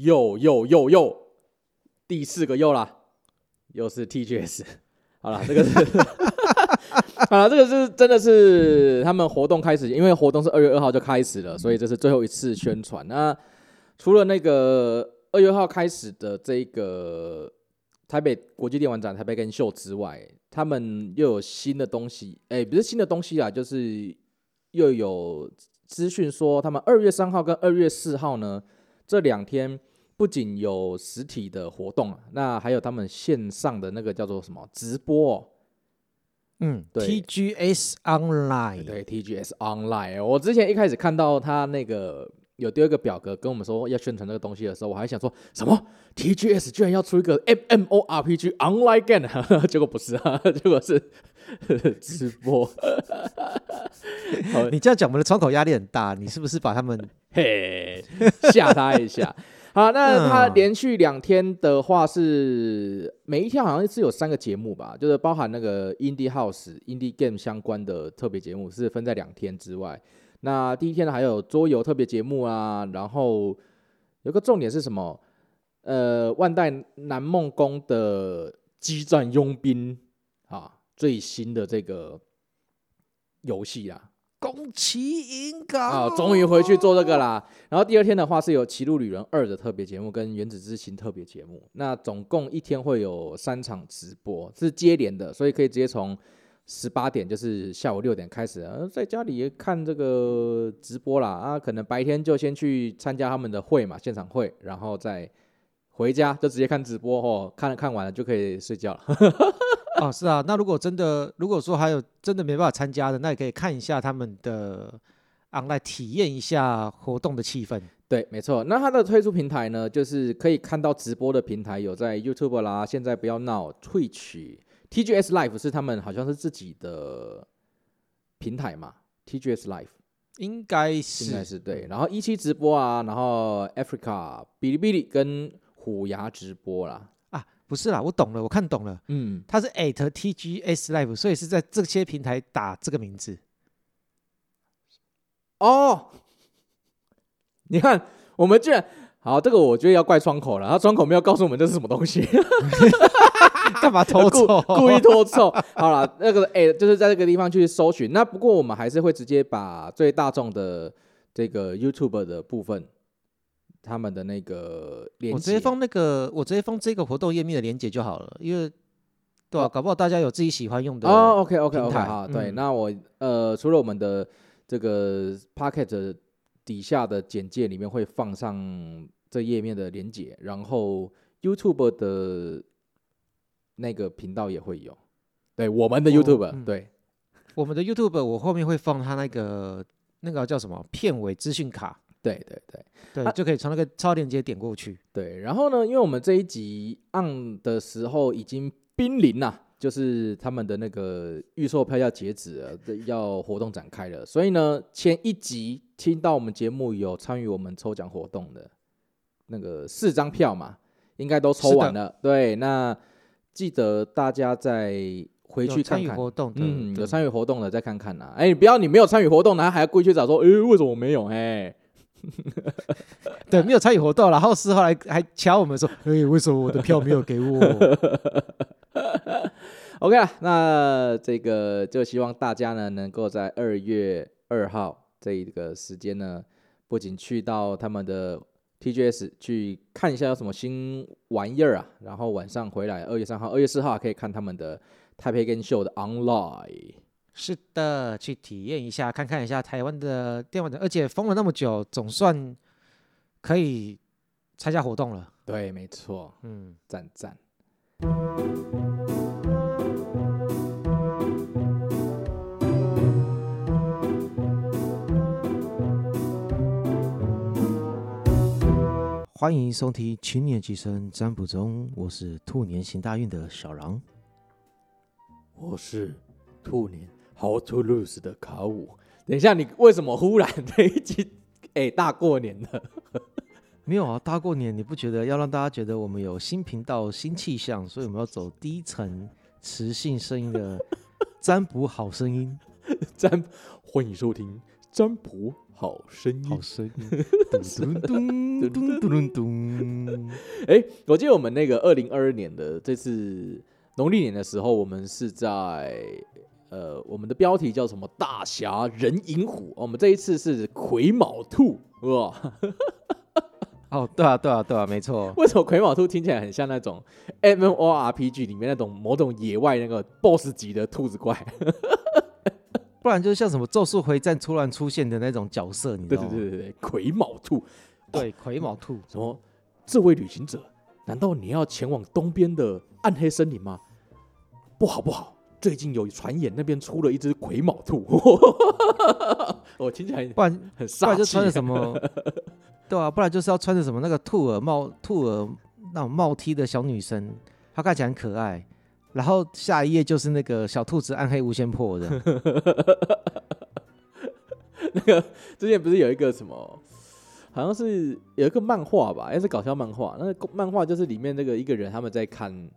又又又又，yo, yo, yo, yo, 第四個又啦，又是 TGS， 好了，這個是 好了，這個是真的是他們活動開始，因為活動是二月二號就開始了，所以這是最後一次宣傳。那除了那個二月二號開始的這個台北國際電玩展台北跟秀之外，他們又有新的東西，哎、欸，不是新的東西啦，就是又有資訊說他們二月三號跟二月四號呢這兩天。不僅有實體的活動，那還有他們線上的那個叫做什麼直播、哦？嗯，對，TGS Online，對,對，TGS Online。我之前一開始看到他那個有第二個表格跟我們說要宣傳那個東西的時候，我還想說什麼？TGS 居然要出一個 MMORPG Online Game？、啊、結果不是啊，結果是直播。 你這樣講，我們的窗口壓力很大。你是不是把他們嘿、hey, 嚇他一下？ 好，那它連續兩天的話是每一天好像是有三個節目吧，就是包含那個 Indie House、Indie Game 相關的特別節目，是分在兩天之外。那第一天呢，還有桌遊特別節目啊，然後有個重點是什麼？呃，萬代南夢宮的《激戰傭兵》啊，最新的這個遊戲啊。宮崎英高啊，終於回去做這個啦。然後第二天的話是有《歧路旅人二》的特別節目跟《原子之心》特別節目，那總共一天會有三場直播，是接連的，所以可以直接從十八點，就是下午六點開始啊，在家裡看這個直播啦啊，可能白天就先去參加他們的會嘛，現場會，然後再回家就直接看直播哦，看了看完了就可以睡覺了。 哦，是啊，那如果真的如果說還有真的沒辦法參加的，那也可以看一下他們的 online 體驗一下活動的氣氛。對，沒錯。那他的推出平台呢，就是可以看到直播的平台有在 YouTube 啦，現在不要鬧 Twitch，TGS Live 是他們好像是自己的平台嘛？TGS Live 應該是應該是對。然後17直播啊，然後 Africa、嗶哩嗶哩跟虎牙直播啦。不是啦，我懂了，我看懂了，嗯，他是 at TGS Live，所以是在這些平台打這個名字。哦，你看，我們居然。好，這個我覺得要怪窗口了，他窗口沒有告訴我們這是什麼東西，幹嘛拖錯，故、故意拖錯。好啦，那個 at、欸、就是在這個地方去搜尋。那不過我們還是會直接把最大眾的這個 YouTuber 的部分。他們的那個鏈接，我直接放那個，我直接放這個活動頁面的鏈接就好了，因為對吧、啊？搞不好大家有自己喜歡用的哦 OK OK OK, okay，嗯，好，對，那我呃，除了我們的這個 Pocket 底下的簡介裡面會放上這頁面的鏈接，然後 YouTube 的那個頻道也會有，對我們的 YouTube，嗯，對我們的 YouTube，我後面會放他那個那個叫什麼片尾資訊卡。對對對對、啊、就可以從那個超鏈接點過去。對，然後呢，因為我們這一集按的時候已經瀕臨了，就是他們的那個預售票要截止了，要活動展開了。所以呢，前一集聽到我們節目有參與我們抽獎活動的那個四張票嘛，應該都抽完了。是的。對，那記得大家再回去看看。有參與活動的，嗯，對，有參與活動的再看看吶、啊。哎、欸，不要你沒有參與活動，然後還要過去找說，哎、欸，為什麼我沒有？哎、欸。 對，沒有參與活動，然後四號還還敲我們說，哎、欸，為什麼我的票沒有給我 ？OK，那這個就希望大家呢，能夠在二月二號這個時間呢，不僅去到他們的 TGS 去看一下有什麼新玩意兒啊，然後晚上回來，二月三號、二月四號還可以看他們的 Taipei Game Show 的 online。是的，去體驗一下，看看一下台灣的電玩的，而且封了那麼久，總算可以參加活動了。對，沒錯，嗯，贊贊。贊，歡迎收聽《七年級生》占卜中，我是兔年行大運的小狼，我是兔年，好，o to lose 的卡五，等一下，你為什麼忽然這一集哎、欸，大過年的， 沒有啊！大過年，你不覺得要讓大家覺得我們有新頻道、新氣象，所以我們要走低沉磁性聲音的占卜好聲音？ 占，歡迎收聽占卜好聲音。好聲音。咚咚咚咚咚咚咚。哎 欸，我記得我們那個二零二二年的這次農曆年的時候，我們是在。呃，我們的標題叫什麼？大俠人影虎。我們這一次是癸卯兔，哇！哦， oh, 對啊，對啊，對啊，沒錯。為什麼癸卯兔聽起來很像那種 MMORPG 裡面那種某種野外那個 boss 級的兔子怪？ 不然就是像什麼《咒術回戰》突然出現的那種角色，你知道嗎？對對對對對，癸卯兔，對癸卯兔，嗯、什麼？這位旅行者，難道你要前往東邊的暗黑森林嗎？不好，不好。最近有傳言，那邊出了一隻癸卯兔，我聽起來不然很帥，不然就穿着什麼，對啊，不然就是要穿着什麼那個兔耳帽、兔耳那種帽 T 的小女生，她看起來很可愛。然後下一頁就是那個小兔子暗黑無限破的， 那個之前不是有一個什麼，好像是有一個漫畫吧，也是搞笑漫畫。那個漫畫就是裡面那個一個人他們在看，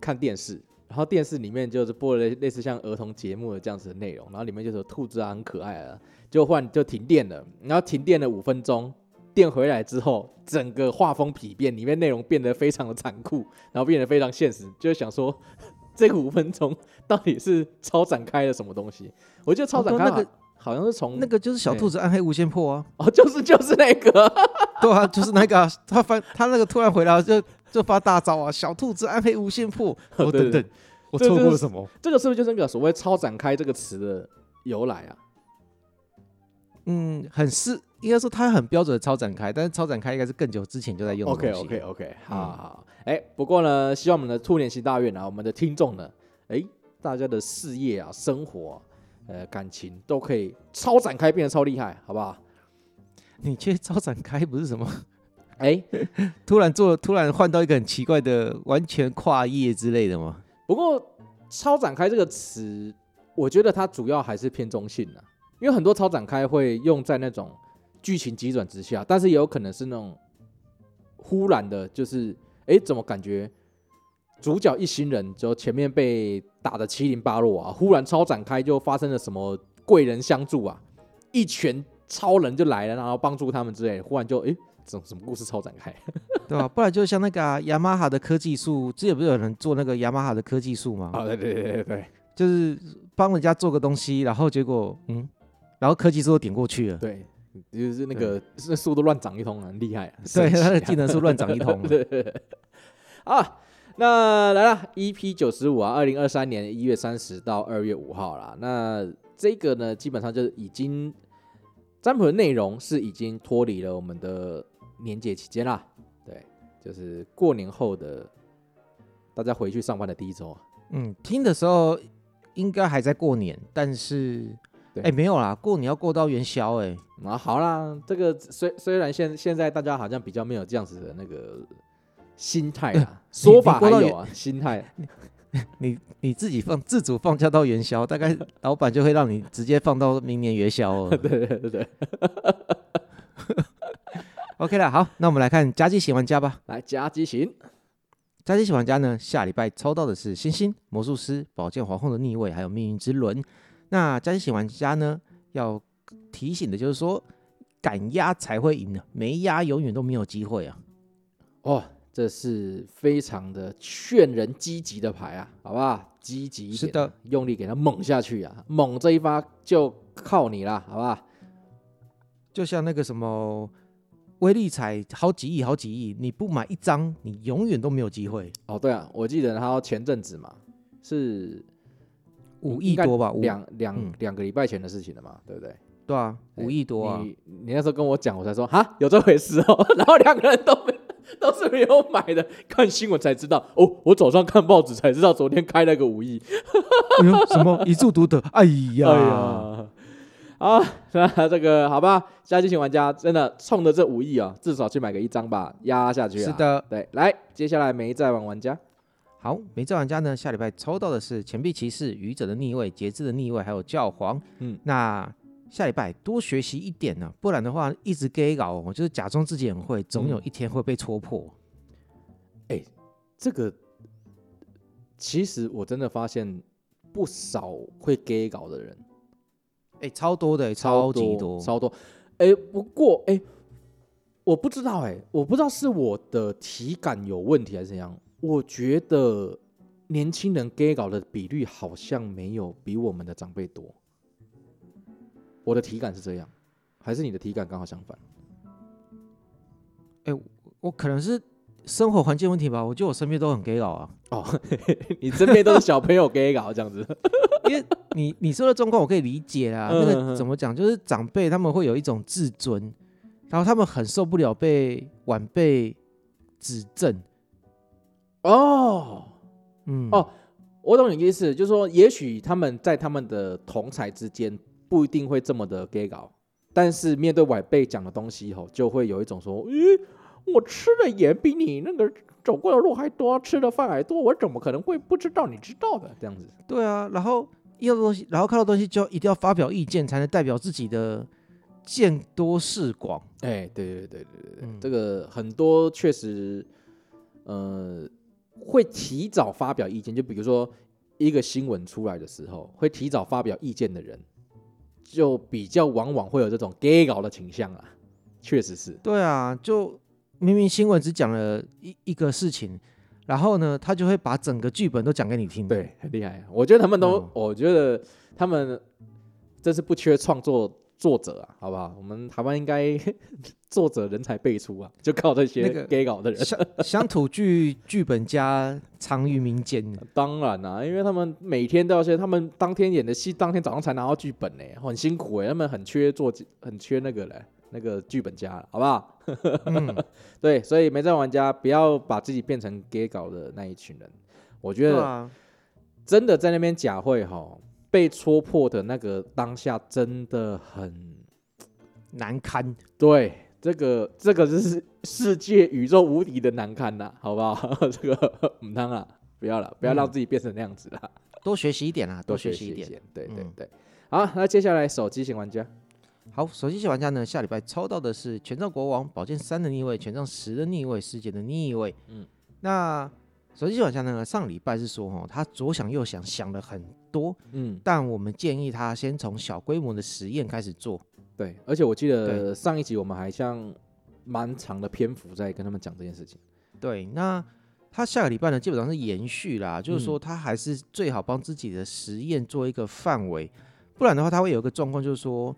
看電視。然後電視裡面就是播了類似像兒童節目的這樣子的內容，然後裡面就是兔子啊很可愛啊，就忽然就停電了，然後停電了五分鐘，電回來之後整個畫風丕變，裡面內容變得非常的殘酷，然後變得非常現實，就是想說這個五分鐘到底是超展開的什麼東西？我覺得超展開，好像是從那個就是小兔子暗黑無限破啊，哦就是就是那個， 對啊就是那個、啊，他翻他那個突然回來了就。就發大招啊！小兔子暗黑無限破，我等等，我錯過了什麼，就是？這個是不是就是那個所謂“超展開”這個詞的由來啊？嗯，很是，應該說它很標準的“超展開”，但是“超展開”應該是更久之前就在用的。OK OK OK，好好。哎，嗯欸，不過呢，希望我們的兔年行大運啊，我們的聽眾呢，哎，欸，大家的事業啊，生活，啊，呃，感情都可以超展開，變得超厲害，好不好？你覺得“超展開”不是什麼？哎，欸、突然做，突然換到一個很奇怪的，完全跨頁之類的嗎？不過“超展開”這個詞，我覺得它主要還是偏中性的、啊，因為很多“超展開”會用在那種劇情急轉直下，但是也有可能是那種忽然的，就是哎、欸，怎麼感覺主角一行人就前面被打得七零八落啊？忽然超展開就發生了什麼貴人相助啊？一拳超人就來了，然後幫助他們之類的，忽然就哎。欸什什麼故事超展開， 對吧、啊？不然就像那個雅馬哈的科技樹，之前不是有人做那個雅馬哈的科技樹嗎？啊，oh, 對,對對對對對，就是幫人家做個東西，然後結果嗯，然後科技樹都點過去了，對，就是那個對那樹都亂長一通、啊，很厲害啊。啊對，他的技能樹亂長一通、啊。 對,對,對，啊，那來了 EP 九十五啊，二零二三年一月三十到二月五號啦。那這個呢，基本上就是已經占卜的內容是已經脫離了我們的。年節期間啦，對，就是過年後的大家回去上班的第一周啊。嗯，聽的時候應該還在過年，但是，哎對、欸，沒有啦，過年要過到元宵哎、欸。那、啊、好啦，這個雖雖然現現在大家好像比較沒有這樣子的那個心態啊，呃、說法還有啊，心態。 你你自己放自主放假到元宵，大概老闆就會讓你直接放到明年元宵哦。 對對對對。 OK 了，好，那我們來看加基型玩家吧。來，加基型，加基型玩家呢，下禮拜抽到的是星星、魔術師、寶劍、皇後，的逆位啊，還有命運之輪。那加基型玩家呢，要提醒的就是說，敢壓才會贏的，沒壓永遠都沒有機會啊。哦，這是非常的勸人積極的牌啊，好吧？積極一點啊，是的，用力給他猛下去啊，猛這一發就靠你了，好吧？就像那個什麼。威力彩好幾億好幾億，你不買一張，你永遠都沒有機會。哦，對啊，我記得他前陣子嘛是五億多吧，兩兩兩個禮拜前的事情了嘛，對不對？對啊，對五億多啊！你你那時候跟我講，我才說哈有這回事哦，然後兩個人都都是沒有買的，看新聞才知道哦。我早上看報紙才知道，昨天開了個五億 哎，什麼一注獨得？哎呀！哎呀好，oh, 那這個好吧，下期請玩家真的衝着這五億啊，喔，至少去買個一張吧，押下去啊。是的，對，來，接下來沒在玩玩家，好，沒在玩家呢，下禮拜抽到的是錢幣騎士、愚者的逆位、節制的逆位，還有教皇。嗯，那下禮拜多學習一點呢，啊，不然的話一直給稿，我就是假裝自己很會，總有一天會被戳破。哎、嗯欸，這個其實我真的發現不少會給搞的人。哎、欸，超多的，欸，超級多，超級多，超多。哎、欸，不過哎、欸，我不知道哎、欸，我不知道是我的體感有問題還是怎樣。我覺得年輕人 gay 搞的比率好像沒有比我們的長輩多。我的體感是這樣，還是你的體感剛好相反？哎、欸，我可能是生活環境問題吧。我覺得我身邊都很 gay 搞啊。哦呵呵，你身邊都是小朋友 gay 搞 這樣子。你你說的狀況我可以理解啊，嗯、那個怎麼講，就是長輩他們會有一種自尊，然後他們很受不了被晚輩指正。哦，嗯，哦，我懂你意思，就是說，也許他們在他們的同儕之間不一定會這麼的給搞，但是面對晚輩講的東西吼，就會有一種說，咦，我吃的鹽比你那個走過的路還多，吃的飯還多，我怎麼可能會不知道你知道的這樣子？對啊，然後。要的東西，然後看到東西就一定要發表意見，才能代表自己的見多識廣。哎、欸，對對對對對，嗯、這個很多確實，呃，會提早發表意見。就比如說一個新聞出來的時候，會提早發表意見的人，就比較往往會有這種給稿的傾向啊。確實是。對啊，就明明新聞只講了一一個事情。然後呢，他就會把整個劇本都講給你聽。對，很厲害。我覺得他們都，嗯、我覺得他們這是不缺創作作者啊，好不好？我們台灣應該作者人才輩出啊，就靠這些給稿、那個、的人鄉。鄉土劇劇本家藏於民間。嗯、當然啦、啊，因為他們每天都要寫，他們當天演的戲，當天早上才拿到劇本呢、欸，很辛苦哎、欸，他們很缺作，很缺那個嘞、欸。那個劇本家，好不好？嗯、 對，所以沒戰玩家不要把自己變成給搞的那一群人。我覺得、啊、真的在那邊假會哈被戳破的那個當下，真的很難堪。對，這個這個就是世界宇宙無敵的難堪吶，好不好？ 這個唔當啊，不要了，不要讓自己變成那樣子了、嗯。多學習一點啊，多學習一,一點。對對對，對，嗯、好，那接下來手機型玩家。好，手機小玩家呢，下禮拜抽到的是權杖國王、寶劍三的逆位、權杖十的逆位、世界的逆位。嗯，那手機玩家呢，上禮拜是說，哦，他左想右想，想了很多。嗯，但我們建議他先從小規模的實驗開始做。對，而且我記得上一集我們還像蠻長的篇幅在跟他們講這件事情。對，那他下個禮拜呢，基本上是延續啦，嗯、就是說他還是最好幫自己的實驗做一個範圍，不然的話他會有一個狀況，就是說。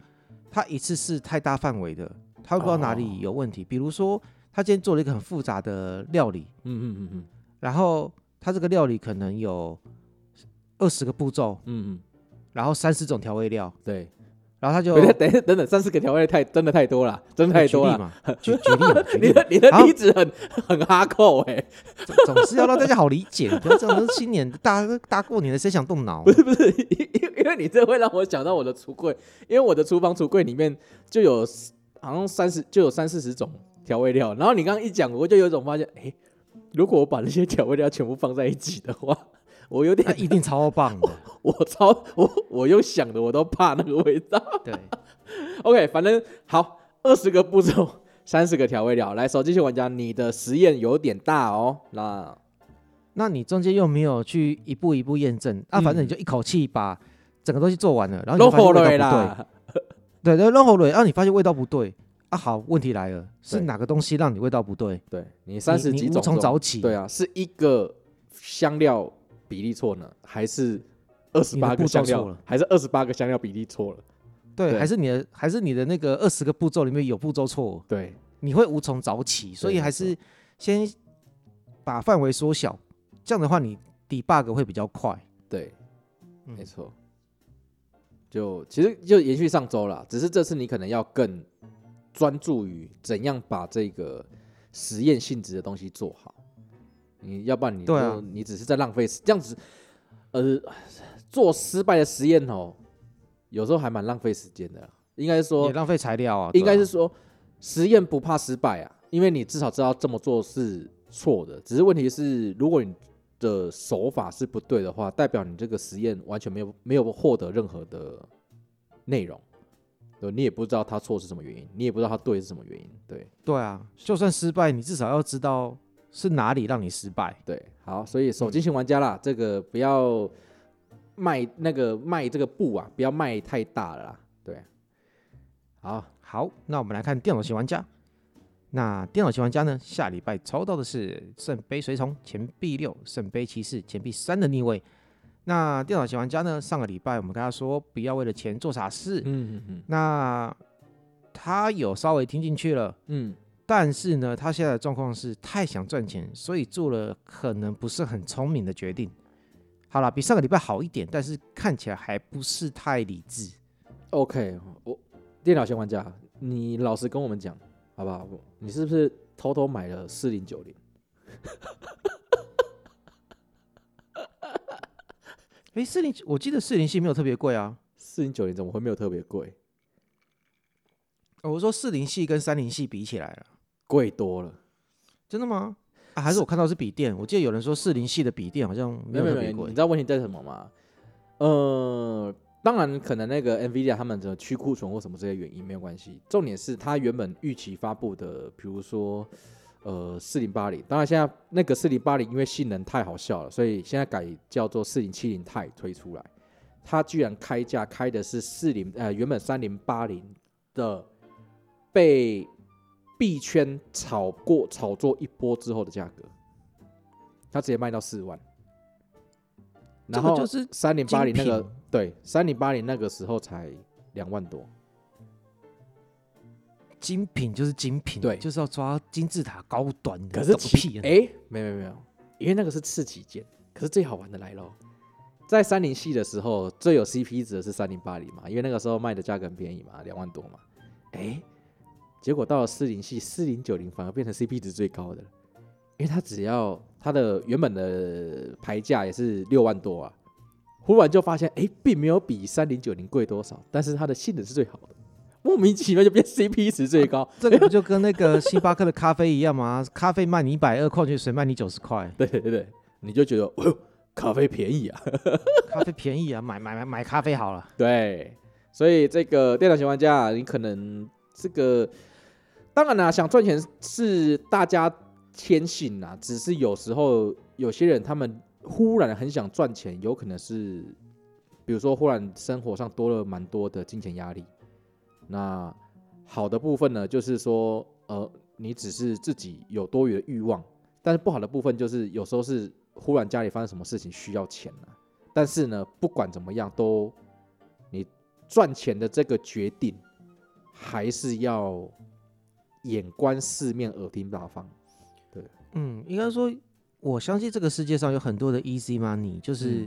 他一次是太大範圍的，他不知道哪裡有問題。哦、比如說，他今天做了一個很複雜的料理，嗯哼嗯嗯嗯，然後他這個料理可能有二十個步驟，嗯嗯哼，然後三十種調味料，嗯、哼對。然後他就等一下，等一下，等等，三四個調味料太，真的太多了，真的太多了，絕絕絕，你的你的例子很、啊、很哈扣哎，總是要讓大家好理解，不要 這樣，都是新年，大家大過年的，誰想動腦？不是不是，因因為，你這會讓我想到我的櫥櫃，因為我的廚房櫥櫃裡面就有好像三十就有三四十種調味料，然後你剛剛一講，我就有一種發現，欸、如果我把這些調味料全部放在一起的話。我有點、啊，一定超棒的。我超 我，我用想的，我都怕那個味道。 對，OK，反正好，二十個步驟，三十個調味料。來，手機遊玩家，你的實驗有點大哦。那、啊，那你中間又沒有去一步一步驗證？嗯、啊，反正你就一口氣把整個東西做完了，然後你發現味道不對。 對，對，對，對，然、啊、後你發現味道不對。啊，好，問題來了，對是哪個東西讓你味道不對？對你三是十幾種，種，從早起，對啊，是一個香料。比例錯呢，還是二十八個香料，還是二十八個香料比例錯了？對，對還是你的，還是你的那個二十個步驟裡面有步驟錯了。對，你會無從找起，對所以還是先把範圍縮小，對這樣的話你 debug 會比較快。對，沒錯。嗯、就其實就延續上周了，只是這次你可能要更專注於怎樣把這個實驗性質的東西做好。你要不然你就、啊、你只是在浪費這樣子，呃，做失敗的實驗哦，有時候還蠻浪費時間的。應該說也浪費材料啊。應該是說實驗不怕失敗啊，因為你至少知道這麼做是錯的。只是問題是，如果你的手法是不對的話，代表你這個實驗完全沒有沒有獲得任何的內容，對，你也不知道它錯是什麼原因，你也不知道它對是什麼原因。對對啊，就算失敗，你至少要知道。是哪裡讓你失敗？對，好，所以手機型玩家啦，嗯、這個不要邁那個邁這個步啊，不要邁太大了啦，對，好，好，那我們來看電腦型玩家，那電腦型玩家呢，下禮拜抽到的是聖杯隨從錢幣六，聖杯騎士錢幣三的逆位，那電腦型玩家呢，上個禮拜我們跟他說不要為了錢做傻事，嗯嗯嗯，那他有稍微聽進去了，嗯。但是呢，他現在的狀況是太想賺錢，所以做了可能不是很聰明的決定。好了，比上個禮拜好一點，但是看起來還不是太理智。OK，我電腦先關機，你老實跟我們講，好不好？你是不是偷偷買了四零九零？誒四零，我記得四零系沒有特別貴啊。四零九零怎麼會沒有特別貴？我說四零系跟三零系比起來了。貴多了，真的嗎、啊？還是我看到的是筆電？是我記得有人說四零系的筆電好像沒有特別貴。你知道問題在什麼嗎？呃，當然可能那個 Nvidia 他們的去庫存或什麼這些原因沒有關係。重點是它原本預期發布的，比如說呃四零八零，80, 當然現在那個四零八零因為性能太好笑了，所以現在改叫做四零七零 Ti 推出來，它居然開價開的是四零呃原本三零八零的被。幣圈炒過炒作一波之後的價格，它直接賣到四萬。然後就是三零八零那個對，三零八零那個時候才兩萬多，精品就是精品，對，就是要抓金字塔高端。可是次哎、欸欸，沒有沒，沒有沒有，因為那個是次旗艦。可是最好玩的來了，在三零系的時候最有 CP 值的是三零八零嘛，因為那個時候賣的價格很便宜嘛，兩萬多嘛、欸，哎。結果到了四零系四零九零反而變成 C P 值最高的，因為它只要它的原本的牌價也是六萬多啊，忽然就發現哎、欸、並沒有比三零九零貴多少，但是它的性能是最好的，莫名其妙就變 C P 值最高， 這個不就跟那個星巴克的咖啡一樣嗎？ 咖啡賣你一百二，礦泉水賣你九十塊，對對對，你就覺得哦、呃，咖啡便宜啊， 咖啡便宜啊，買買買買咖啡好了，對，所以這個電腦型玩家你可能這個。當然啦，啊，想賺錢是大家天性啦。只是有時候有些人他們忽然很想賺錢，有可能是，比如說忽然生活上多了蠻多的金錢壓力。那好的部分呢，就是說，呃，你只是自己有多餘的慾望。但是不好的部分就是，有時候是忽然家裡發生什麼事情需要錢啊。但是呢，不管怎麼樣，都你賺錢的這個決定還是要。眼觀四面，耳聽八方。對，嗯，應該說，我相信這個世界上有很多的 easy money，就是、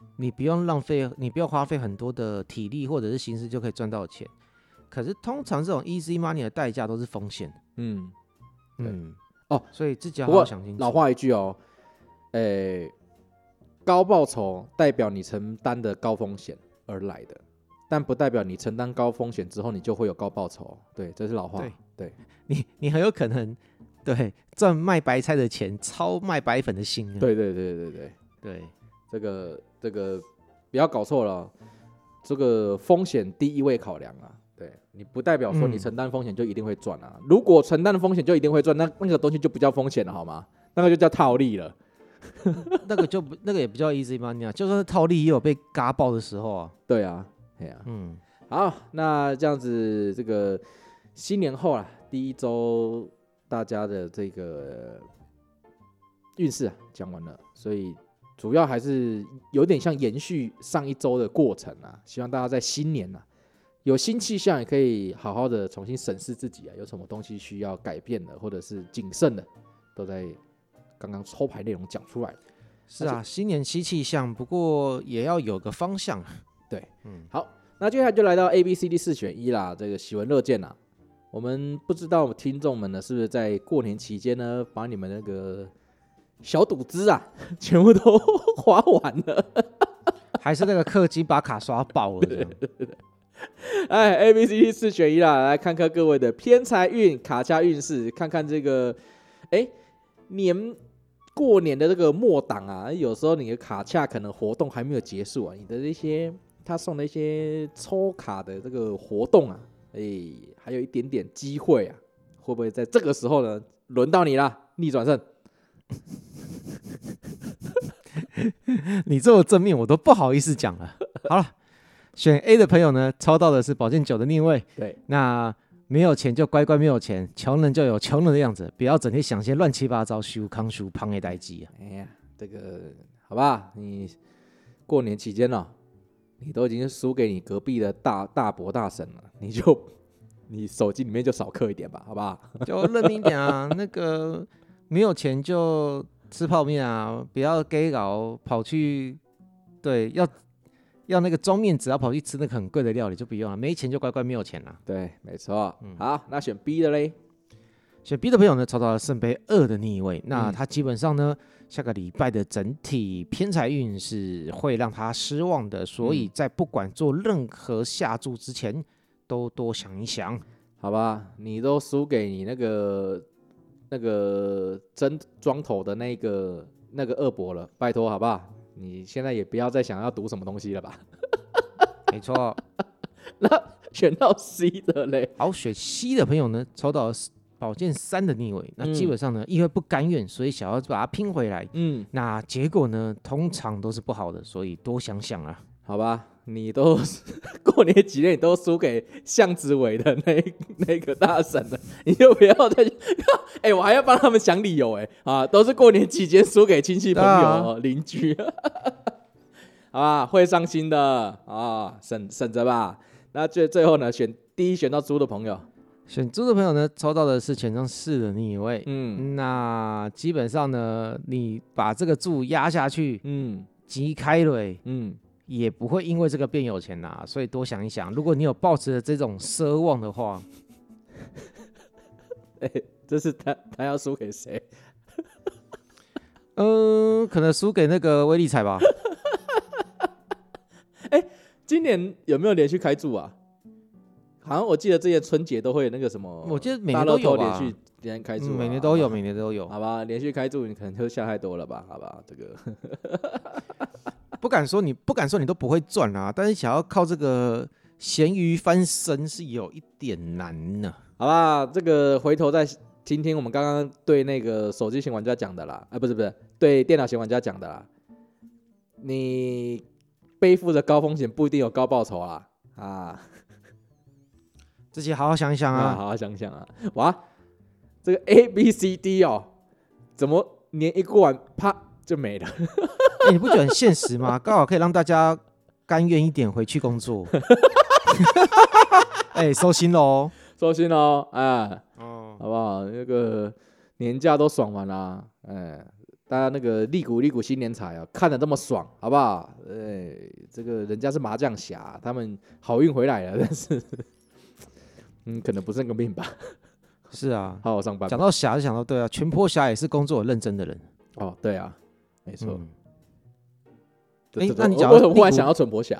嗯、你不用浪費，你不用花費很多的體力或者是心思就可以賺到錢。可是通常這種 easy money 的代價都是風險。嗯，對嗯，哦，所以自己好好想清楚。老話一句哦，誒，高報酬代表你承擔的高風險而來的。但不代表你承擔高風險之後你就會有高報酬，對，這是老話。對，對你，你很有可能對，賺賣白菜的錢，操賣白粉的心啊！對對對對對對，對這個這個不要搞錯了，這個風險第一位考量啊！對你，不代表說你承擔風險就一定會賺啊！嗯、如果承擔的風險就一定會賺，那那個東西就不叫風險了好嗎？那個就叫套利了， 那個就不那個也不叫 easy money 啊！就算是套利也有被嘎爆的時候啊！對啊。嗯，好，那這樣子，這個新年後啊，第一周大家的這個運勢啊，講完了，所以主要還是有點像延續上一周的過程啊。希望大家在新年啊，有新氣象，也可以好好的重新審視自己啊，有什麼東西需要改變的，或者是謹慎的，都在剛剛抽牌內容講出來。是啊，是新年新氣象，不過也要有個方向。對，嗯，好，那接下來就來到 A B C D 四選一啦，這個喜聞樂見啊，我們不知道聽眾們呢，是不是在過年期間呢，把你們那個小賭資啊，全部都花完了，還是那個氪金，把卡刷爆了？對，對對對。哎，A B C D 四選一啦，來看看各位的偏財運、卡恰運勢，看看這個，哎，年過年的這個末檔啊，有時候你的卡恰可能活動還沒有結束啊，你的這些。他送的一些抽卡的這個活動啊，哎、欸，還有一點點機會啊，會不會在這個時候呢，輪到你了？逆轉勝， 你這麼正面我都不好意思講了。好了，選 A 的朋友呢，抽到的是寶劍九的逆位。對，那沒有錢就乖乖沒有錢，窮人就有窮人的樣子，不要整天想些亂七八糟、修康、修胖的代誌啊。哎呀，這個好吧，你過年期間呢、哦？你都已經輸給你隔壁的大大伯大神了。你就你手機裡面就少氪一點吧，好不好？就認命一點啊， 那個沒有錢就吃泡麵啊，不要 gay 佬跑去對要要那個裝面子啊，跑去吃那個很貴的料理就不用了、啊，沒錢就乖乖沒有錢了、啊、對，沒錯。好，那選 B 的嘞，嗯、選 B 的朋友呢，抽到了聖杯二的逆位，那他基本上呢。嗯下個禮拜的整體偏財運是會讓他失望的，所以在不管做任何下注之前，都多想一想，好吧？你都輸給你那個那個真莊頭的那個那個二伯了，拜托，好不好？你現在也不要再想要賭什麼東西了吧？沒錯，那選到 C 的嘞，好選 C 的朋友呢，抽到寶劍三的逆位，那基本上呢，因為、嗯、不甘願，所以想要把它拼回來。嗯，那結果呢，通常都是不好的，所以多想想啊，好吧？你都過年幾天都輸給巷子尾的那那個大嬸的，你就不要再哎、 欸，我還要幫他們想理由哎、欸、啊，都是過年期間輸給親戚朋友鄰、啊、居呵呵好吧會的，啊，會傷心的啊，省省着吧。那最最後呢，選第一選到豬的朋友。選注的朋友呢，抽到的是權杖四的逆位。嗯，那基本上呢，你把這個注壓下去，嗯，即開瑞，嗯，也不會因為這個變有錢啦。所以多想一想，如果你有抱持的這種奢望的話，哎、欸，這是他他要輸給誰？ 嗯，可能輸給那個威力彩吧。哎、 欸，今年有沒有連續開注啊？好像我記得這些春節都會有那個什麼，我記得每年都有連續連開注，每年都有，吧每年都有。好吧，連續開注你可能就下太多了吧？好吧，這個 不敢說你，你不敢說你都不會賺啊。但是想要靠這個鹹魚翻身是有一點難呢。好吧，這個回頭再聽聽我們剛剛對那個手機型玩家講的啦，啊、欸，不是不是，對電腦型玩家講的啦。你背負着高風險，不一定有高報酬啦。啊。自己好好想一想啊，啊，好好想想啊！哇，這個 A B C D 哦，怎麼年一過完，啪就沒了，欸？你不覺得很現實嗎？剛 好可以讓大家甘願一點回去工作。哎、 欸，收心嘍，收心嘍！哎，哦、嗯，好不好？那、這個年假都爽完了，啊，哎，大家那個立鼓立鼓新年財啊，哦，看得這麼爽，好不好？哎，這個人家是麻將俠，他們好運回來了，真是。嗯，可能不是那個命吧。是啊，好好上班。講到俠就想到對啊，全破俠也是工作認真的人。哦，對啊，沒錯。哎，那你講為什麼忽然想到全破俠？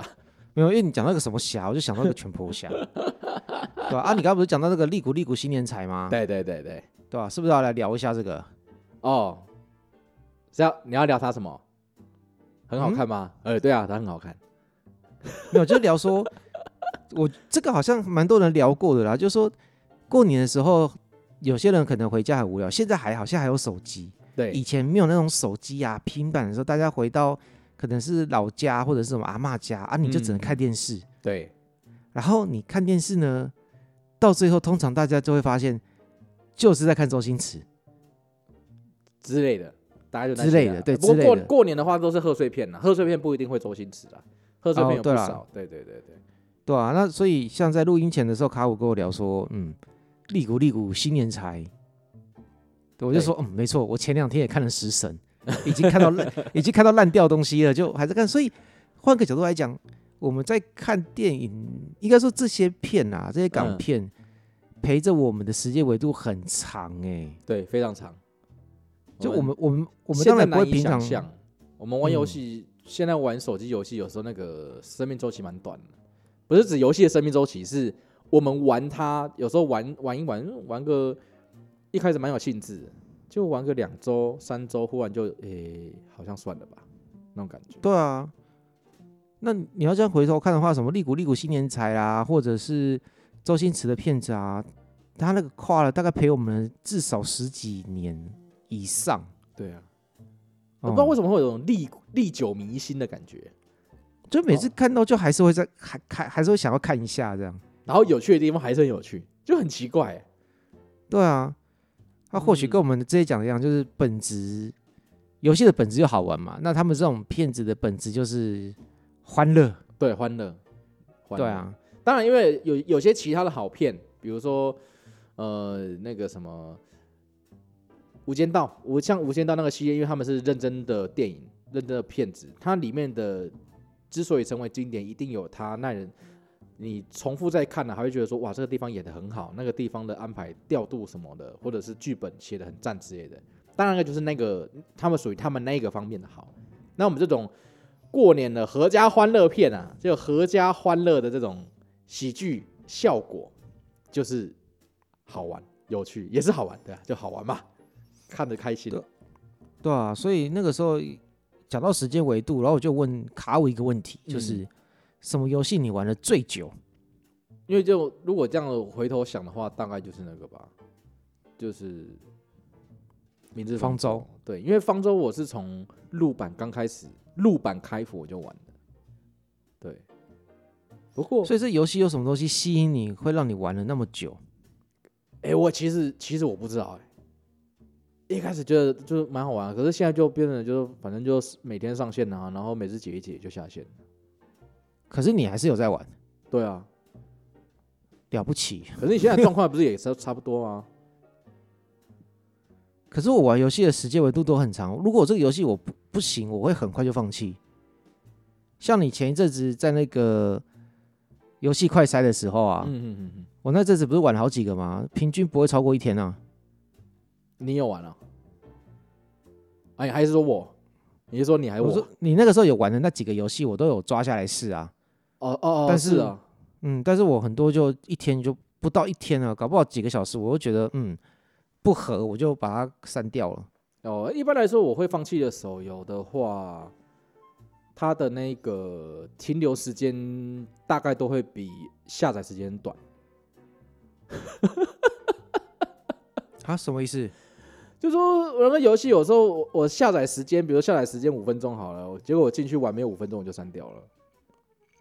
沒有，因為你講到一個什麼俠，我就想到一個全破俠，對吧？啊，你剛剛不是講到這個利谷利谷新年財嗎？對對對對，對吧？是不是要來聊一下這個？哦，是要你要聊他什麼？很好看嗎？呃，對啊，他很好看。沒有，就是聊說。我這個好像蠻多人聊過的啦，就是說過年的時候，有些人可能回家很無聊。現在還好像還有手機，對，以前沒有那種手機啊、平板的時候，大家回到可能是老家或者是什麼阿嬤家啊，你就只能看電視，對。然後你看電視呢，到最後通常大家就會發現，就是在看周星馳對之類的，大家就之類的。對，不過過過年的話都是賀歲片了，賀歲片不一定會周星馳啦，賀歲片有不少，哦、對，對對對對。對啊，那所以像在錄音前的時候，卡五跟我聊說，嗯，立古立古，新年財。我就說，嗯對、哦，沒錯。我前兩天也看了《食神》，已經看到爛， 已經看到爛掉東西了，就還在看。所以換個角度來講，我們在看電影，應該說這些片啊，這些港片，嗯、陪着我們的時間維度很長哎、欸，對，非常長。就我們我們我們當然現在不會平常。我們玩遊戲，嗯、現在玩手機遊戲，有時候那個生命周期蠻短的。不是指遊戲的生命週期，是我們玩它，有時候玩玩一玩，玩個一開始蠻有興致，就玩個兩周、三周，忽然就誒、欸，好像算了吧，那種感覺。對啊，那你要這樣回頭看的話，什麼《嚦咕嚦咕新年財》啦，或者是周星馳的片子啊，他那個跨了大概陪我們至少十幾年以上。對啊，我不知道為什麼會有種歷歷久彌新的感覺。就每次看到，就還是會再看，哦、還是會想要看一下這樣。然後有趣的地方還是很有趣，就很奇怪、欸。對啊，他、嗯嗯、或許跟我們這些講的一樣，就是本質遊戲的本質就好玩嘛。那他們這種片子的本質就是歡樂，對歡樂。歡樂、對啊，當然，因為有有些其他的好片，比如說呃那個什麼《無間道》，我像《無間道》那個系列，因為他們是認真的電影，認真的片子，它裡面的。之所以成為經典，一定有他。那人。你重複再看呢、啊，還會覺得說哇，這個地方演得很好，那個地方的安排調度什麼的，或者是劇本寫得很讚之類的。當然了，就是那個他們屬於他們那一個方面的好。那我們這種過年的闔家歡樂片啊，就闔家歡樂的這種喜劇效果，就是好玩、有趣，也是好玩的，就好玩嘛，看得開心對。對啊，所以那個時候。講到時間維度，然後我就問卡我一個問題，就是、嗯、什麼遊戲你玩的最久？因為就如果這樣回頭想的話，大概就是那個吧，就是明日方舟。方舟對，因為方舟我是從陸版剛開始，陸版開服我就玩的。對，不過所以這遊戲有什麼東西吸引你會讓你玩了那麼久？哎、欸，我其實其實我不知道哎、欸。一開始就就蠻好玩，可是現在就變成就是反正就是每天上線啊，然後每次解一解就下線。可是，你還是有在玩，對啊，了不起。可是你現在狀況 不是也差差不多嗎？可是我玩遊戲的時間維度都很長。如果我這個遊戲我不不行，我會很快就放棄。像你前一陣子在那個遊戲快篩的時候啊，嗯哼嗯哼，我那陣子不是玩好幾個嗎？平均不會超過一天啊。你有玩了？啊？哎，還是說我？你是說你還我？我說你那個時候有玩的那幾個遊戲，我都有抓下來試啊。哦哦哦。哦但是，啊的，嗯，但是我很多就一天就不到一天啊，搞不好幾個小時，我就覺得嗯不合，我就把它刪掉了。哦，一般來說，我會放棄的手遊的話，它的那個停留時間大概都會比下載時間短。哈、 啊，什麼意思？就說，玩個遊戲有時候我我下載時間，比如下載時間五分鐘好了，結果我進去玩沒有五分鐘我就刪掉了。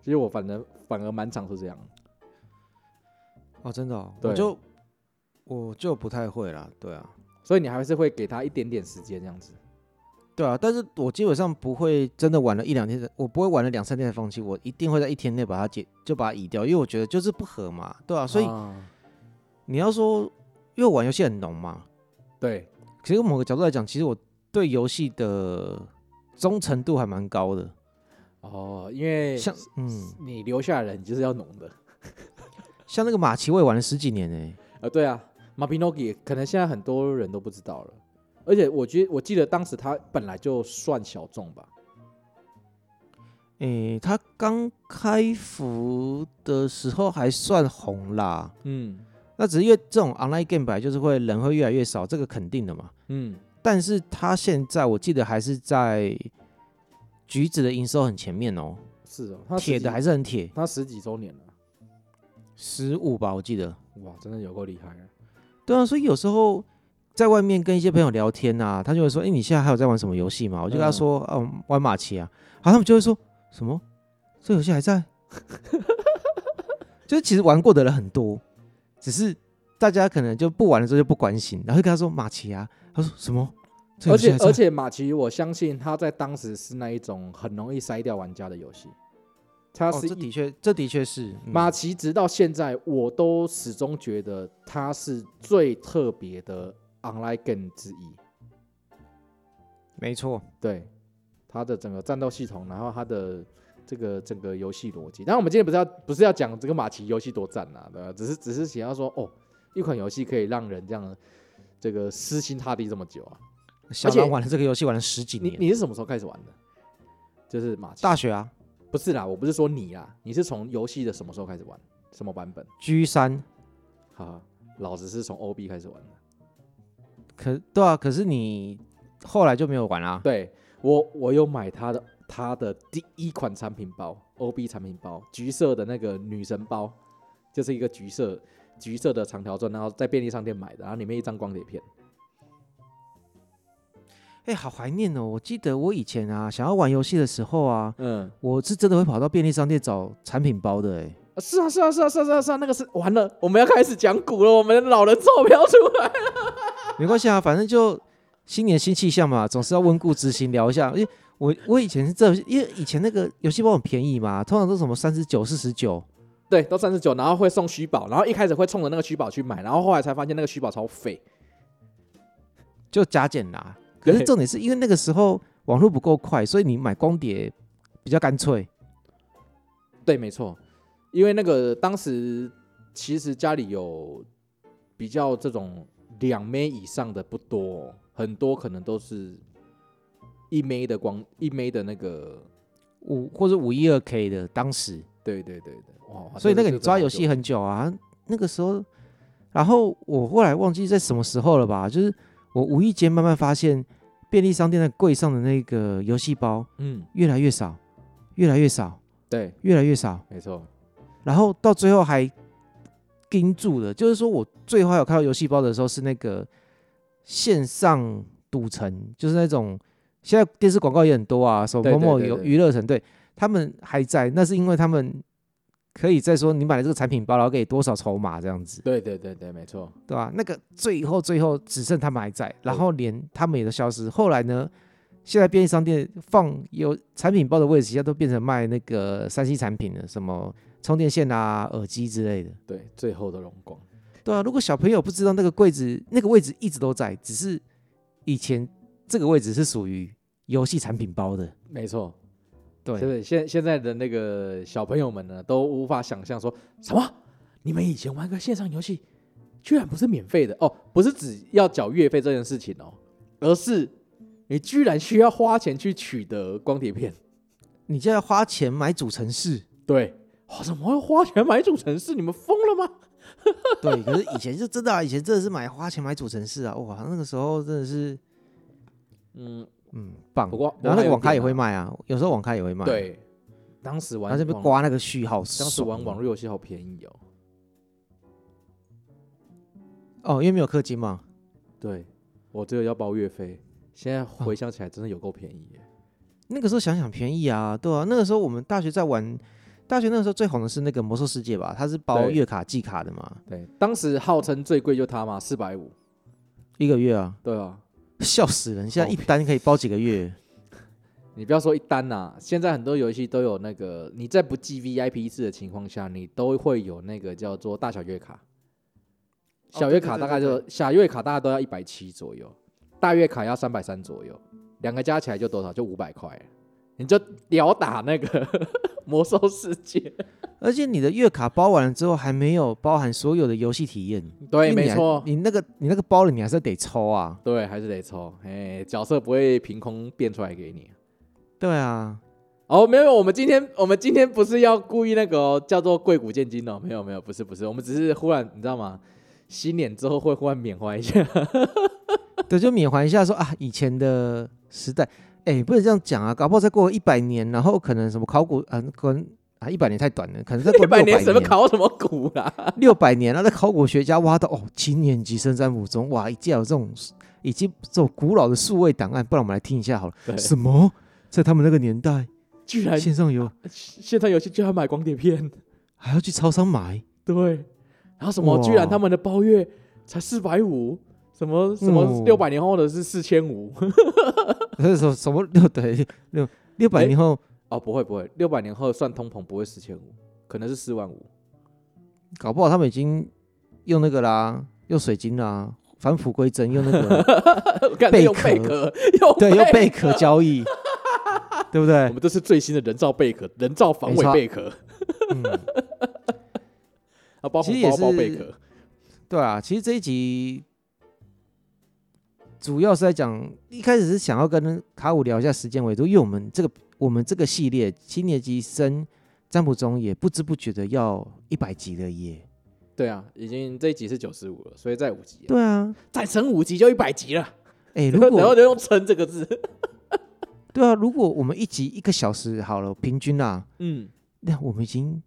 其實我反正反而蠻常是這樣。哦，真的哦，我就我就不太會啦，對啊。所以你還是會給他一點點時間這樣子。對啊，但是我基本上不會真的玩了一兩天的，我不會玩了兩三天才放棄，我一定會在一天內把它解，就把它移掉，因為我覺得就是不合嘛，對啊，所以你要說，因為玩遊戲很濃嘛，對。其實某個角度來講，其實我對遊戲的忠誠度還蠻高的哦。因為像嗯，你留下的人就是要濃的， 像那個馬奇我也玩了十幾年呢。啊、呃、對啊，Mabinogi 可能現在很多人都不知道了。而且我覺得我記得當時他本來就算小眾吧。誒、嗯，他剛開服的時候還算紅啦。嗯，那只是因為這種 online game 本來就是會人會越來越少，這個肯定的嘛。嗯，但是他現在我記得還是在橘子的營收很前面哦、喔。是哦、喔，他鐵的還是很鐵，他十幾周年了，十五吧，我記得。哇，真的有夠厲害、欸。對啊，所以有時候在外面跟一些朋友聊天啊，他就會說：“哎，你現在還有在玩什麼遊戲嗎？”我就跟他說：“嗯，玩瑪奇啊。”然後他們就會說什麼：“這遊戲還在？” 就是其實玩過的人很多，只是。大家可能就不玩的時候就不關心，然後就跟他說馬奇啊，他說什麼？而且、啊、而且馬奇，我相信他在當時是那一種很容易篩掉玩家的遊戲。他是的確、哦，這的確是、嗯、馬奇，直到現在我都始終覺得他是最特別的 online game 之一。沒錯，對他的整個戰鬥系統，然後他的這個整個遊戲邏輯。但我們今天不是要不是要講這個馬奇遊戲多讚啊，對吧？只是只是想要說哦。一款遊戲可以讓人這樣，這個死心塌地這麼久啊！而且玩了這個遊戲玩了十幾年。你是什麼時候開始玩的？就是馬大學啊？不是啦，我不是說你啦，你是從遊戲的什麼時候開始玩？什麼版本？G 三。好、啊、老子是從 O B 開始玩的。可對啊，可是你後來就沒有玩啦、啊。對，我我有買他的他的第一款產品包 O B 產品包，橘色的那個女神包，就是一個橘色。橘色的長條狀，然後在便利商店買的，然後裡面一張光碟片。哎、欸，好懷念哦！我記得我以前啊，想要玩遊戲的時候啊，嗯，我是真的會跑到便利商店找產品包的、欸。哎、啊啊，是啊，是啊，是啊，是啊，是啊，那個是完了，我們要開始講古了，我們老人坐標出來了。沒關係啊，反正就新年新氣象嘛，總是要溫故知新聊一下。因為我我以前是這，因為以前那個遊戲包很便宜嘛，通常都什麼三十九、四十九。對，都三十九，然後會送虛寶，然後一開始會衝着那個虛寶去買，然後後來才發現那個虛寶超廢，就加減拿。對可是重點是因為那個時候網絡不夠快，所以你買光碟比較乾脆。對，沒錯，因為那個當時其實家裡有比較這種兩 M 以上的不多，很多可能都是 1M 的光，1M 的那個五或者五一二 K 的。當時，對對對對。哦啊、所以那個你抓遊戲很久啊，那個時候，然後我後來忘記在什麼時候了吧，就是我無意間慢慢發現便利商店的櫃上的那個遊戲包越越，嗯，越來越少，越來越少，對，越來越少，沒錯。然後到最後還盯住的，就是說我最後還有看到遊戲包的時候是那個線上賭城，就是那種現在電視廣告也很多啊，什麼某某娛樂城，對,對,對,對,對,對他們還在，那是因為他們。可以再說你買了這個產品包，然後給多少籌碼這樣子？對對對對，沒錯，對吧？對啊，那個最後最後只剩他們還在，然後連他們也都消失。對後來呢？現在便利商店放有產品包的位置，現在都變成賣那個三 C 產品的，什麼充電線啊、耳機之類的。對，最後的榮光。對啊，如果小朋友不知道那個櫃子那個位置一直都在，只是以前這個位置是屬於遊戲產品包的，沒錯。對，現在現在的那個小朋友們呢，都無法想象說什麼，你們以前玩個線上遊戲，居然不是免費的哦，不是只要繳月費這件事情哦，而是你居然需要花錢去取得光碟片，你現在要花錢買主程式。對，我怎麼要花錢買主程式？你們瘋了嗎？ 對，可是以前就知道、啊，以前真的是買花錢買主程式啊，哇，那個時候真的是，嗯。嗯，棒。不過我那個網咖也會賣啊，賣啊有時候網咖也會賣。對，當時玩，但是被刮那個序號、啊。當時玩網絡遊戲好便宜哦。哦，因為沒有氪金嘛。對，我只有要包月費。現在回想起來，真的有夠便宜耶、啊。那個時候想想便宜啊，對啊，那個時候我們大學在玩，大學那時候最紅的是那個《魔獸世界》吧？它是包月卡季對卡的嘛。對。當時號稱最貴就它嘛，四百五一個月啊。對啊。笑死人，現在一單可以包幾個月？Oh, 你不要說一單吶、啊，現在很多遊戲都有那個，你在不記 VIP 字的情況下，你都會有那個叫做大小月卡。小月卡大概就，對對對對對，小月卡大概都要一百七左右，大月卡要三百三左右，兩個加起來就多少？就五百塊。你就屌打那個魔獸世界，而且你的月卡包完了之後，還沒有包含所有的遊戲體驗。對，沒錯錯、那個，你那個你那個包裡，你還是得抽啊。對，還是得抽。哎、欸，角色不會憑空變出來給你，啊。對啊。哦，沒有，我們今天我們今天不是要故意那個、哦、叫做“貴古賤今”哦，沒有沒有，不是不是，我們只是忽然你知道嗎？新年之後會忽然緬懷一下。對，就緬懷一下說，說 啊，以前的時代。哎，不能這樣講啊！搞不好再過了一百年，然後可能什麼考古啊，可能啊一百年太短了，可能再過六百 一百年什麼考古什麼古啊，六百年了，在考古學家挖到哦，七年級生深山古中，哇！竟然有這種，已經這種古老的數位檔案，不然我們來聽一下好了。對什麼？在他們那個年代，居然線上有，啊、線上遊戲就要買光碟片，還要去超商買。對，然後什麼？哇居然他們的包月才四百五。什麼什麼六百年後的是四千五？哈什麼什麼，六對六六百年後哦，不會不會，六百年後算通膨，不會四千五，可能是四萬五。搞不好他們已經用那個啦，用水晶啦，反璞歸真用那個貝殼貝用對用貝殼交易，對不對？我們這是最新的人造貝殼，人造防偽貝殼。啊，包括包包貝殼。對啊，其實這一集。主要是在講，一開始是想要跟卡五聊一下時間維度，因為我們這個我們這個系列七年級生占卜中也不知不覺的要一百集了耶。對啊，已經這一集是九十五了，所以再五集。對啊，再乘五集就一百集了。哎、欸，如果然 後就用“乘”這個字。 對啊，如果我們一集一個小時好了，平均啊，嗯，那我們已經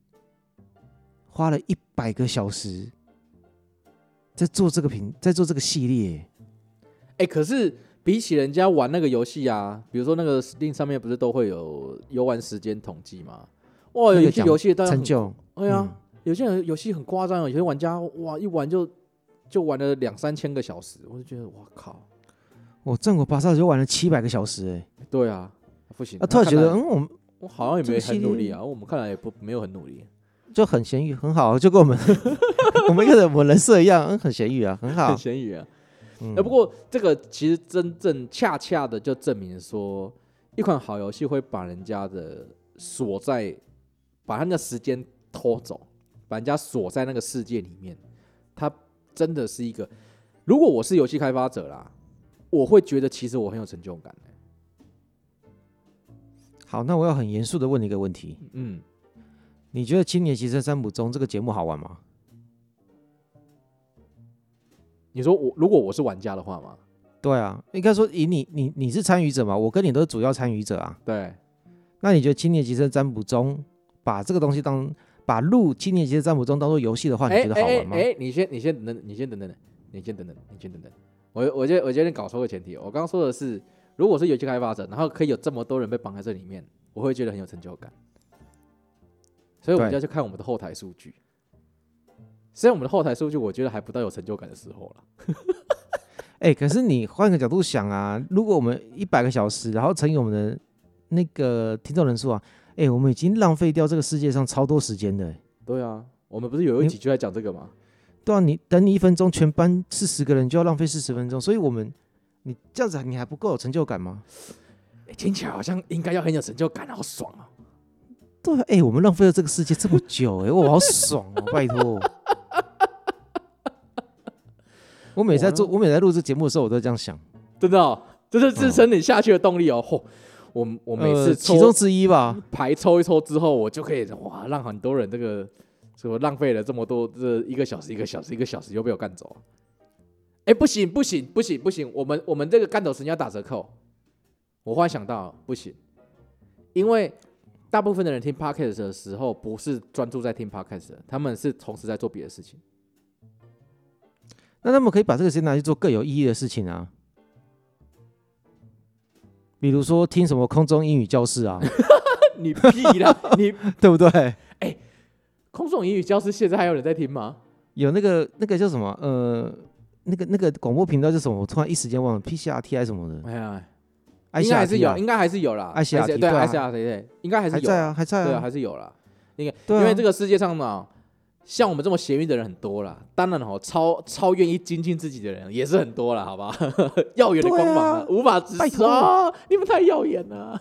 花了一百個小時在做這個平，在做這個系列。哎，可是比起人家玩那個遊戲啊，比如說那個 Steam 上面不是都會有遊玩時間統計嗎？哇，有些遊戲當然很久對啊，嗯、有些人遊戲很誇張哦，有些玩家哇一玩就就玩了兩三千個小時，我就覺得哇靠！我、哦、戰國 BASARA 就玩了七百個小時哎、欸。對啊，不行啊，突然覺得嗯，我們我好像也沒很努力啊，我們看來也不沒有很努力，就很鹹魚很好，就跟我們 我們跟我們人設一樣，嗯，很鹹魚啊，很好， 很鹹魚啊。嗯、不過這個其實真正恰恰的就證明說，一款好遊戲會把人家的鎖在，把他的時間拖走，把人家鎖在那個世界裡面，它真的是一個。如果我是遊戲開發者啦，我會覺得其實我很有成就感。欸、好，那我要很嚴肅的問你一個問題，嗯，你覺得七年級生遊戲中這個節目好玩嗎？你說我如果我是玩家的話嘛？對啊，應該說以你你你，你是參與者嘛？我跟你都是主要參與者啊。對，那你覺得七年級生占卜中把這個東西當把錄七年級的占卜中當做遊戲的話，你覺得好玩嗎？哎、欸欸欸，你先你先等等，你先等等等你先等等你先等等，你先等等。我我覺得我覺得你搞錯個前提。我剛剛說的是，如果是遊戲開發者，然後可以有這麼多人被綁在這裡面，我會覺得很有成就感。所以我們就要去看我們的後台數據。對雖然我們的後台數據，我覺得還不到有成就感的時候了。誒、 欸，可是你換個角度想啊，如果我們一百個小時，然後乘以我們的那個聽眾人數啊，誒、欸，我們已經浪費掉這個世界上超多時間的、欸。對啊，我們不是有一集你就在講這個嗎？對啊，你等你一分鐘，全班四十個人就要浪費四十分鐘，所以我們你這樣子，你還不夠有成就感嗎、欸？聽起來好像應該要很有成就感，好爽啊！對啊，誒、欸，我們浪費了這個世界這麼久、欸，誒， 我好爽哦、喔，拜托。我每次在做，我每次在錄製節目的時候，我都這樣想，哇哦、真的、哦，這、就是支撐你下去的動力哦。嚯，哦、我我每次其中之一吧，牌抽一抽之後，我就可以哇，讓很多人這個什麼浪費了這麼多這一個小時，一個小時，一個小時，又被我幹走。哎，不行不行不行不行，我們我們這個幹走時你要打折扣。我忽然想到，不行，因為大部分的人聽 podcast 的時候，不是專注在聽 podcast 的，他們是同時在做別的事情。那他們可以把這個時間拿去做更有意義的事情啊，比如說聽什麼空中英語教室啊，你屁啦，你對不對？哎，空中英語教室現在還有人在聽嗎？有那個那個叫什麼？呃，那個那個廣播頻道叫什麼？我突然一時間忘了，PCRT 還是什麼的？哎呀，應該還是有，應該還是有啦。ICRT，對，ICRT，對，應該還是有啊，還在啊，還是有啦。因為因為這個世界上嘛。像我們這麼鹹魚的人很多了，當然了、哦，超超願意精進自己的人也是很多了，好不好？ 耀眼的光芒、啊，啊、無法直視啊！拜託，你們太耀眼了、啊。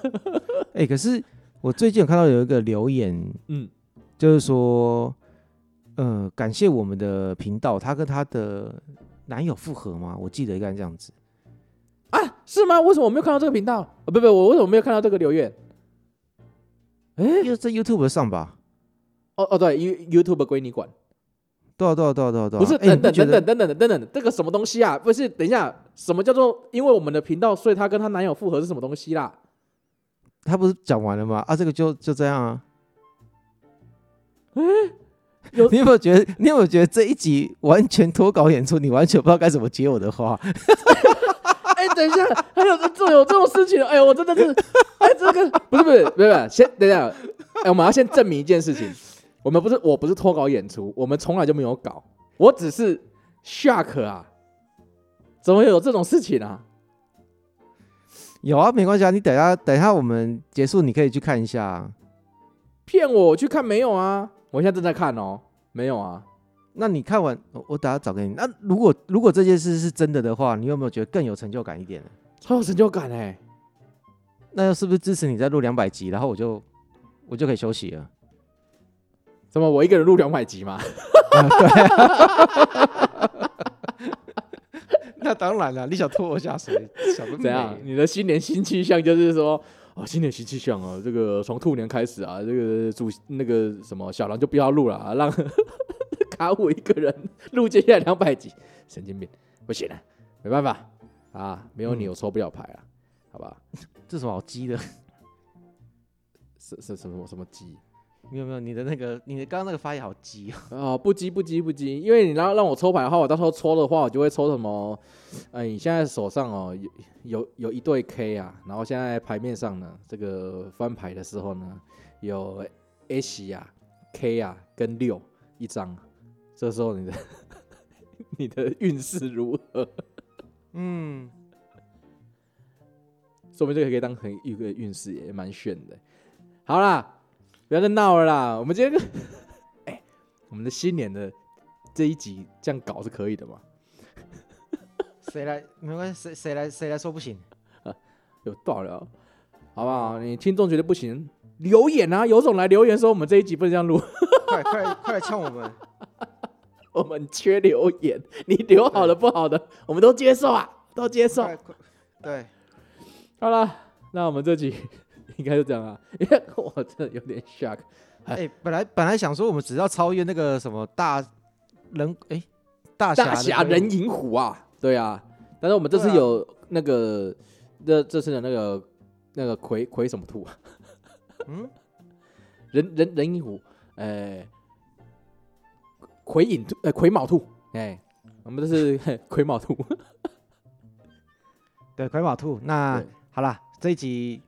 哎、 欸，可是我最近有看到有一個留言，嗯，就是說，嗯、呃，感謝我們的頻道，他跟他的男友復合嗎？我記得應該這樣子啊？是嗎？為什麼我沒有看到這個頻道啊、哦？不不，我為什麼沒有看到這個留言？哎，又在 YouTube 上吧？欸哦哦對，You YouTube 歸你管，對啊、對啊、對啊、對對啊，不是誒等等等等等等等等，這個什麼東西啊？不是等一下，什麼叫做因為我們的頻道，所以她跟她男友復合是什麼東西啦、啊？他不是講完了嗎？啊，這個就就這樣啊。哎誒，你有沒有覺得你有沒有覺得這一集完全脫稿演出，你完全不知道該怎麼接我的話？哎， 等一下，還有這種有這種事情，哎呦，我真的是，哎，這個不是不是不是，先等一下，哎，我們要先證明一件事情。我們不是，我不是脫稿演出，我們從來就沒有稿。我只是下課啊，怎麼會有這種事情啊？有啊，沒關係啊。你等一下，等一下我們結束，你可以去看一下。騙我，我去看沒有啊？我現在正在看哦。沒有啊？那你看完，我，我等下找給你。那如果如果這件事是真的的話，你有沒有覺得更有成就感一點？超有成就感哎、欸！那要是不是支持你再錄兩百集，然後我就我就可以休息了。怎麼我一個人錄兩百集嗎？ 那當然了，你想拖我下水？怎樣？你的新年新氣象就是說哦，新年新氣象啊，這個從兔年開始啊，這個主那個什麼小狼就不要錄了，讓呵呵卡我一個人錄接下來兩百集，神經病，不行啊，沒辦法啊，沒有你我抽不了牌了，嗯、好吧？這什麼好雞的？是是是什麼什麼雞？沒有沒有，你的那個，你的剛剛那個發言好急，啊、哦！啊，不急不急不急，因為你讓讓我抽牌的話，我到時候抽的話，我就會抽什麼？哎、呃，你現在手上哦，有有有一對 K 啊，然後現在牌面上呢，這個翻牌的時候呢，有 A 呀、啊、K 呀、啊、跟六一張，這時候你的 你的運勢如何？嗯，說明這個可以當成一個運勢也蠻炫的。好啦。不要再鬧了啦！我們今天、欸，我們的新年的這一集這樣搞是可以的吧？誰來？沒關係，誰誰來？誰來說不行？啊、有道理，好不好？你聽眾覺得不行，留言啊，有種來留言說我們這一集不能這樣錄，快快快來嗆我們！ 我們缺留言，你留好的不好的，對我們都接受啊，都接受。對，對好了，那我們這集。應該是這樣啊！哎， 我真的有點 shock。哎、欸，本來本來想說我們只要超越那個什麼大人，哎、欸，大俠、那個、人影虎啊，對啊。但是我們這次有那個，啊、那這這次的那個那個癸癸什麼兔啊？嗯，人人人影虎，呃，癸影、欸、兔，呃、欸，癸卯兔，哎，我們這是癸卯、 欸、兔。 對，癸卯兔。那對好了，這一集。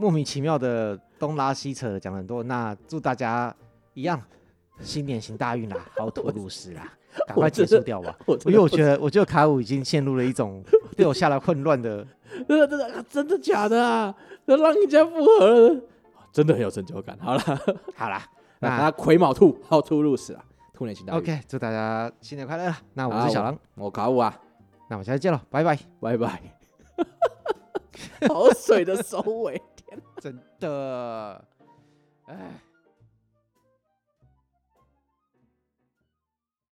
莫名其妙的東拉西扯，講了很多。那祝大家一樣，新年行大運啊，好兔 入室啊，趕快結束掉吧。因為我覺得，我覺得卡五已經陷入了一種對我下了混亂的， 真的，真的、啊。真的假的啊？讓人家復合了，真的很有成就感。好了 好了，那癸卯兔好兔入室啊，兔年行大運。OK，祝大家新年快樂。那我是小狼，我，我卡五啊。那我們下次見了，拜拜拜拜。 好水的收尾。 真的，唉。